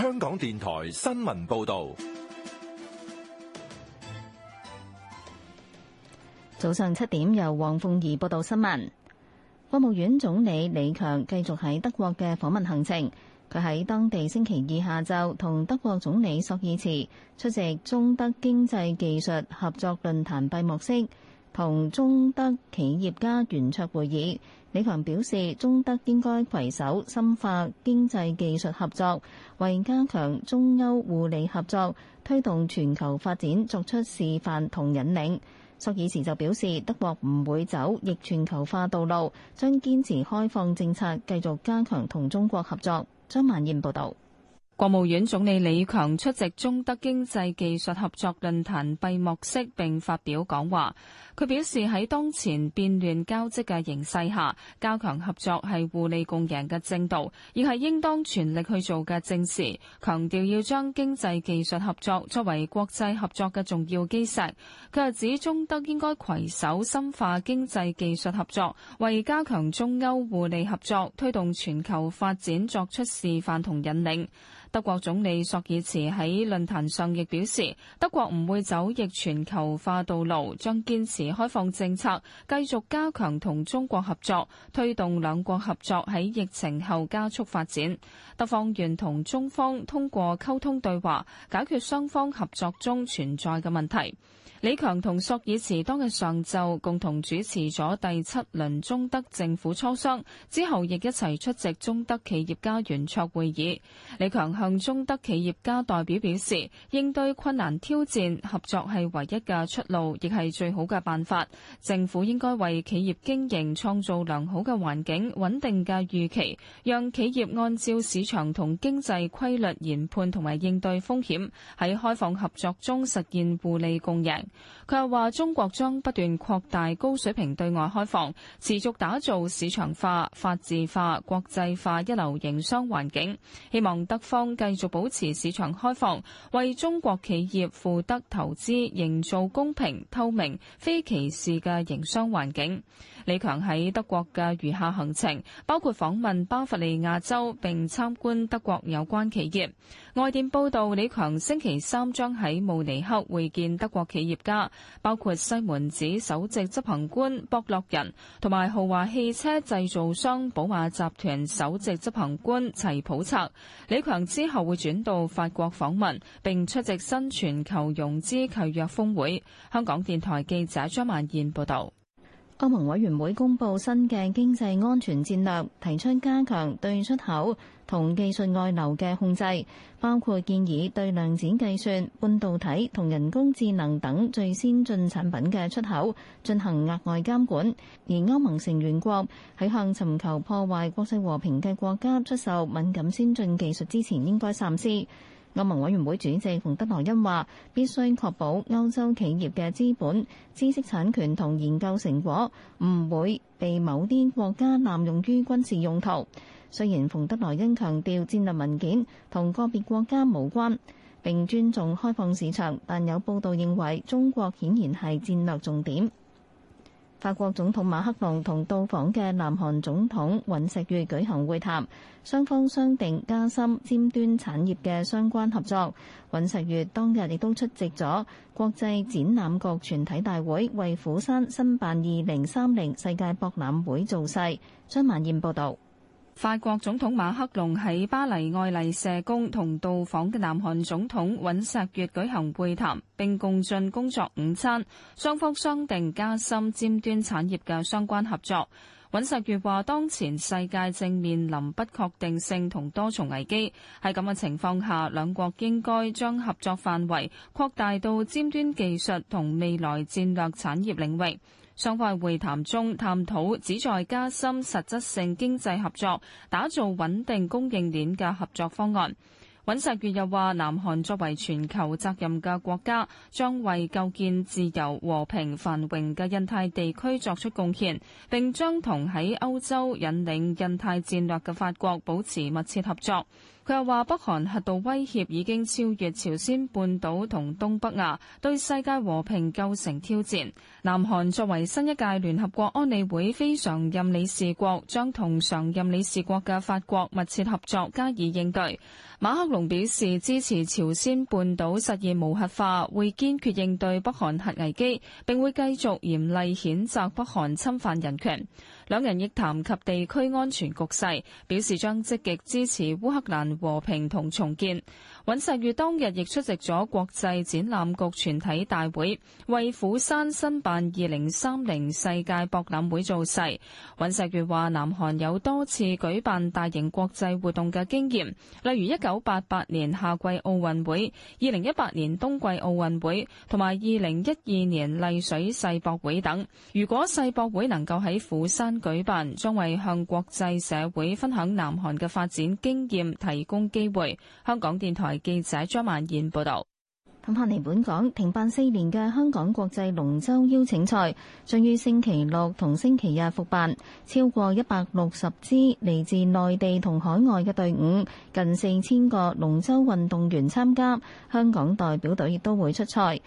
香港電台新聞報道，早上七點由黃鳳儀報道新聞。國務院總理李強繼續喺德國嘅訪問行程，佢喺當地星期二下晝同德國總理朔爾茨出席中德經濟技術合作論壇閉幕式同中德企業家圓桌會議。李強表示，中德應該携手深化經濟技術合作，為加強中歐互利合作、推動全球發展作出示範同引領，索爾茨就表示，德國唔會走逆全球化道路，將堅持開放政策，繼續加強同中國合作。張曼燕報道。國務院總理李強出席中德經濟技術合作論壇閉幕式，並發表講話。佢表示喺當前變亂交織嘅形勢下，加強合作係互利共贏嘅正道，亦係應當全力去做嘅正事。強調要將經濟技術合作作為國際合作嘅重要基石。佢又指中德應該攜手深化經濟技術合作，為加強中歐互利合作、推動全球發展作出示範同引領。德國總理朔爾茨喺論壇上亦表示，德國唔會走逆全球化道路，將堅持開放政策，繼續加強同中國合作，推動兩國合作喺疫情後加速發展。德方願同中方通過溝通對話，解決雙方合作中存在嘅問題。李強同朔爾茨當日上晝共同主持咗第七輪中德政府磋商，之後亦一齊出席中德企業家圓桌會議。李強向中德企業家代表表示，應對困難挑戰，合作係唯一嘅出路，亦係最好嘅辦法。政府應該為企業經營創造良好嘅環境、穩定嘅預期，讓企業按照市場同經濟規律研判同埋應對風險，喺開放合作中實現互利共贏。佢又話，中國將不斷擴大高水平對外開放，持續打造市場化、法治化、國際化一流營商環境，希望德方。繼續保持市場開放，為中國企業赴德投資營造公平、透明、非歧視嘅營商環境。李強喺德國嘅餘下行程包括訪問巴伐利亞州，并參觀德國有關企業。外電報道，李強星期三將喺慕尼黑會見德國企業家，包括西門子首席執行官博洛仁，同埋豪華汽車製造商寶馬集團首席執行官齊普策。李強之後會轉到法國訪問，並出席新全球融資契約峰會。香港電台記者張曼燕報道。歐盟委員會公布新嘅經濟安全戰略，提出加強對出口同技術外流嘅控制，包括建議對量子計算、半導體同人工智能等最先進產品嘅出口進行額外監管。而歐盟成員國喺向尋求破壞國際和平嘅國家出售敏感先進技術之前，應該三思。歐盟委員會主席馮德萊恩話，必須確保歐洲企業嘅資本、知識產權同研究成果唔會被某啲國家濫用於軍事用途。雖然馮德萊恩強調戰略文件同個別國家無關，並尊重開放市場，但有報道認為中國顯然係戰略重點。法國總統馬克龍同到訪嘅南韓總統尹錫悅舉行會談，雙方商定加深尖端產業嘅相關合作。尹錫悅當日亦都出席咗國際展覽局全體大會，為釜山申辦二零三零世界博覽會造勢。張曼燕報道。法國總統馬克龍喺巴黎愛麗舍宮同到訪嘅南韓總統尹錫悅舉行會談，並共進工作午餐。雙方商定加深尖端產業嘅相關合作。尹錫悅話：當前世界正面臨不確定性同多重危機，喺咁嘅情況下，兩國應該將合作範圍擴大到尖端技術同未來戰略產業領域。雙方會談中，探討旨在加深實質性經濟合作、打造穩定供應鏈嘅合作方案。尹錫悅又話，南韓作為全球責任嘅國家，將為構建自由、和平、繁榮嘅印太地區作出貢獻，並將同喺歐洲引領印太戰略嘅法國保持密切合作。佢話：北韓核導威脅已經超越朝鮮半島同東北亞，對世界和平構成挑戰。南韓作為新一屆聯合國安理會非常任理事國，將同常任理事國嘅法國密切合作，加以應對。馬克龍表示支持朝鮮半島實現無核化，會堅決應對北韓核危機，並會繼續嚴厲譴責北韓侵犯人權。兩人亦談及地區安全局勢，表示將積極支持烏克蘭和平同重建。尹錫悅當日亦出席咗國際展覽局全體大會，為釜山申辦二零三零世界博覽會造勢。尹錫悅話：南韓有多次舉辦大型國際活動嘅經驗，例如一九八八年夏季奧運會、二零一八年冬季奧運會同埋二零一二年麗水世博會等。如果世博會能夠喺釜山，舉辦將為向國際社會分享南韓嘅發展經驗提供機會。香港電台記者張曼燕報道。咁近年，本港停辦四年嘅香港國際龍舟邀請賽，將於星期六同星期日復辦。超過一百六十支嚟自內地同海外嘅隊伍，近四千個龍舟運動員參加，香港代表隊亦都會出賽。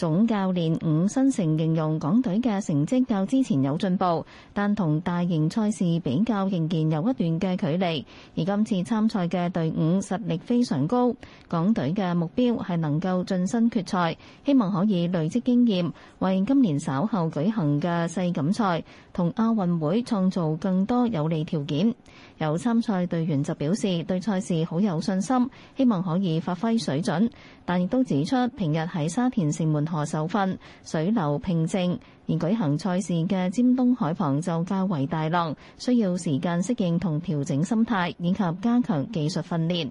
總教練伍新成形容港隊嘅成績較之前有進步，但同大型賽事比較仍然有一段嘅距離。而今次參賽嘅隊伍實力非常高，港隊嘅目標係能夠晉身決賽，希望可以累積經驗，為今年稍後舉行嘅世錦賽同亞運會創造更多有利條件。有參賽隊員就表示對賽事好有信心，希望可以發揮水準，但亦都指出平日喺沙田城門河受訓，水流平靜，而舉行賽事嘅尖東海旁就較為大浪，需要時間適應同調整心態，以及加強技術訓練。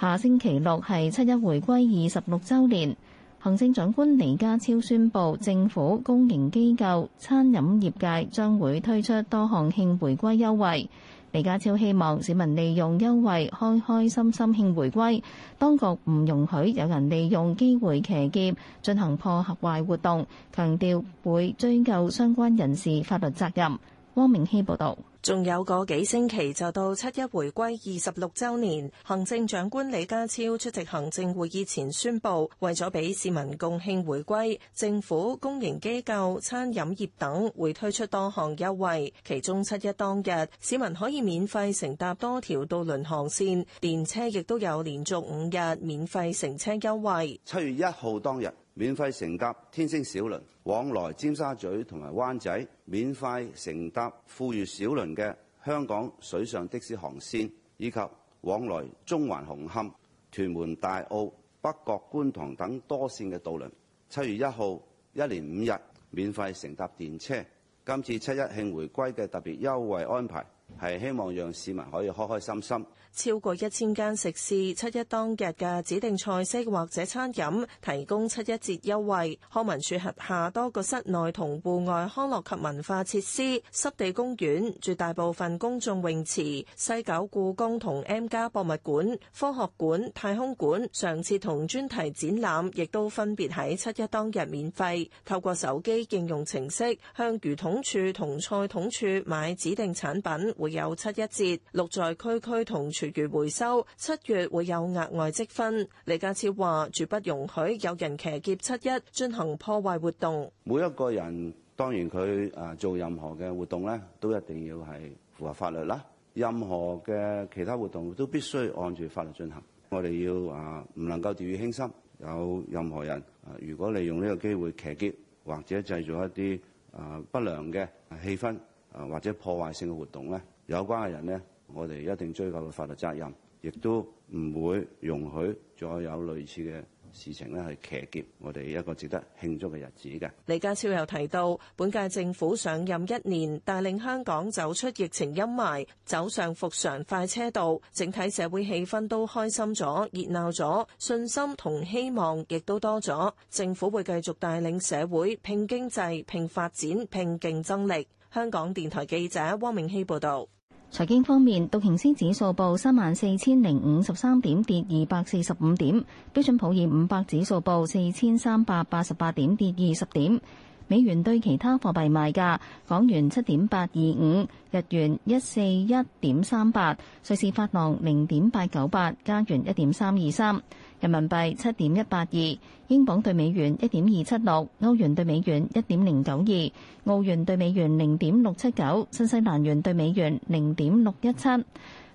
下星期六係七一回歸二十六週年，行政長官李家超宣布，政府公營機構、餐飲業界將會推出多項慶回歸優惠。李家超希望市民利用優惠，開開心心慶回歸，當局唔容許有人利用機會騎劫，進行破壞活動，強調會追究相關人士法律責任。汪明希報道。仲有個幾星期就到七一回歸二十六週年，行政長官李家超出席行政會議前宣布，為咗俾市民共慶回歸，政府、公營機構、餐飲業等會推出多項優惠。其中七一當日，市民可以免費乘搭多條渡輪航線，電車亦都有連續五日免費乘車優惠。七月一號當日，免費乘搭天星小輪往來尖沙咀同埋灣仔，免費乘搭富裕小輪嘅香港水上的士航線，以及往來中環紅磡、屯門大澳、北角觀塘等多線嘅渡輪。七月一號一連五日免費乘搭電車。今次七一慶回歸嘅特別優惠安排。係希望讓市民可以開開心心。超過一千間食肆，七一當日嘅指定菜式或者餐飲提供七一節優惠。康文署轄下多個室內同戶外康樂及文化設施、濕地公園、絕大部分公眾泳池、西九故宮同 M+ 博物館、科學館、太空館，上次同專題展覽亦都分別喺七一當日免費，透過手機應用程式向魚統處同菜統處買指定產品，會有七一節，六在區區同廚餘回收，七月會有額外積分。李家超話：絕不容許有人騎劫七一進行破壞活動。每一個人當然佢啊做任何嘅活動咧，都一定要係符合法律啦。任何嘅其他活動都必須按住法律進行。我哋要啊唔能夠掉以輕心。有任何人啊，如果利用呢個機會騎劫或者製造一啲啊不良嘅氣氛。啊！或者破壞性嘅活動咧，有關嘅人咧，我哋一定追究嘅法律責任，亦都唔會容許再有類似嘅事情咧，係騎劫我哋一個值得慶祝嘅日子嘅。李家超又提到，本屆政府上任一年，帶領香港走出疫情陰霾，走上復常快車道，整體社會氣氛都開心咗、熱鬧咗，信心同希望亦都多咗。政府會繼續帶領社會拼經濟、拼發展、拼競爭力。香港電台記者汪明希報道。財經方面，道瓊斯指數報三萬四千零五十三點，跌二百四十五點；標準普爾五百指數報四千三百八十八點，跌二十點。美元對其他貨幣賣價：港元七點八二五，日元一四一點三八，瑞士法郎零點八九八，加元一點三二三。人民幣七點一八二，英鎊對美元一點二七六，歐元對美元一點零九二，澳元對美元零點六七九，新西蘭元對美元零點六一七。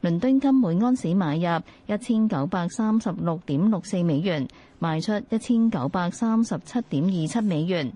倫敦金每安士買入一千九百三十六點六四美元，賣出一千九百三十七點二七美元。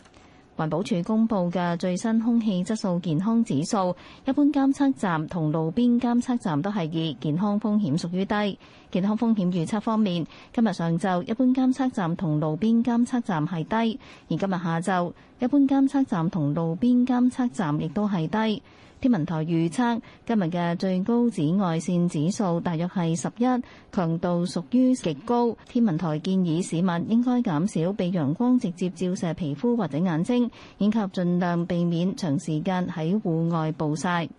環保署公布嘅最新空氣質素健康指數，一般監測站同路邊監測站都係二，健康風險屬於低。健康風險預測方面，今日上晝一般監測站同路邊監測站係低，而今日下晝一般監測站同路邊監測站亦都係低。天文台預測今日嘅最高紫外線指數大約係十一，強度屬於極高。天文台建議市民應該減少被陽光直接照射皮膚或者眼睛，以及盡量避免長時間喺戶外暴曬。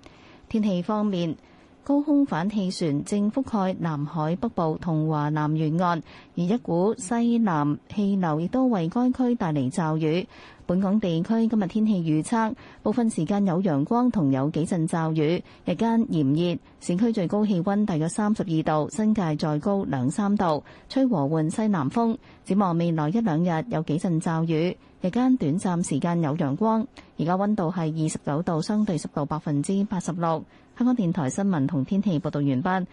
天氣方面，高空反氣旋正覆蓋南海北部同華南沿岸，而一股西南氣流亦都為該區帶嚟驟雨。本港地區今日天，天氣預測，部分時間有陽光同有幾陣驟雨，日間炎熱，市區最高氣温大約三十二度，新界再高兩三度，吹和緩西南風。展望未來一兩日有幾陣驟雨，日間短暫時間有陽光。而家温度係二十九度，相對濕度百分之八十六。香港電台新聞同天氣報道完畢。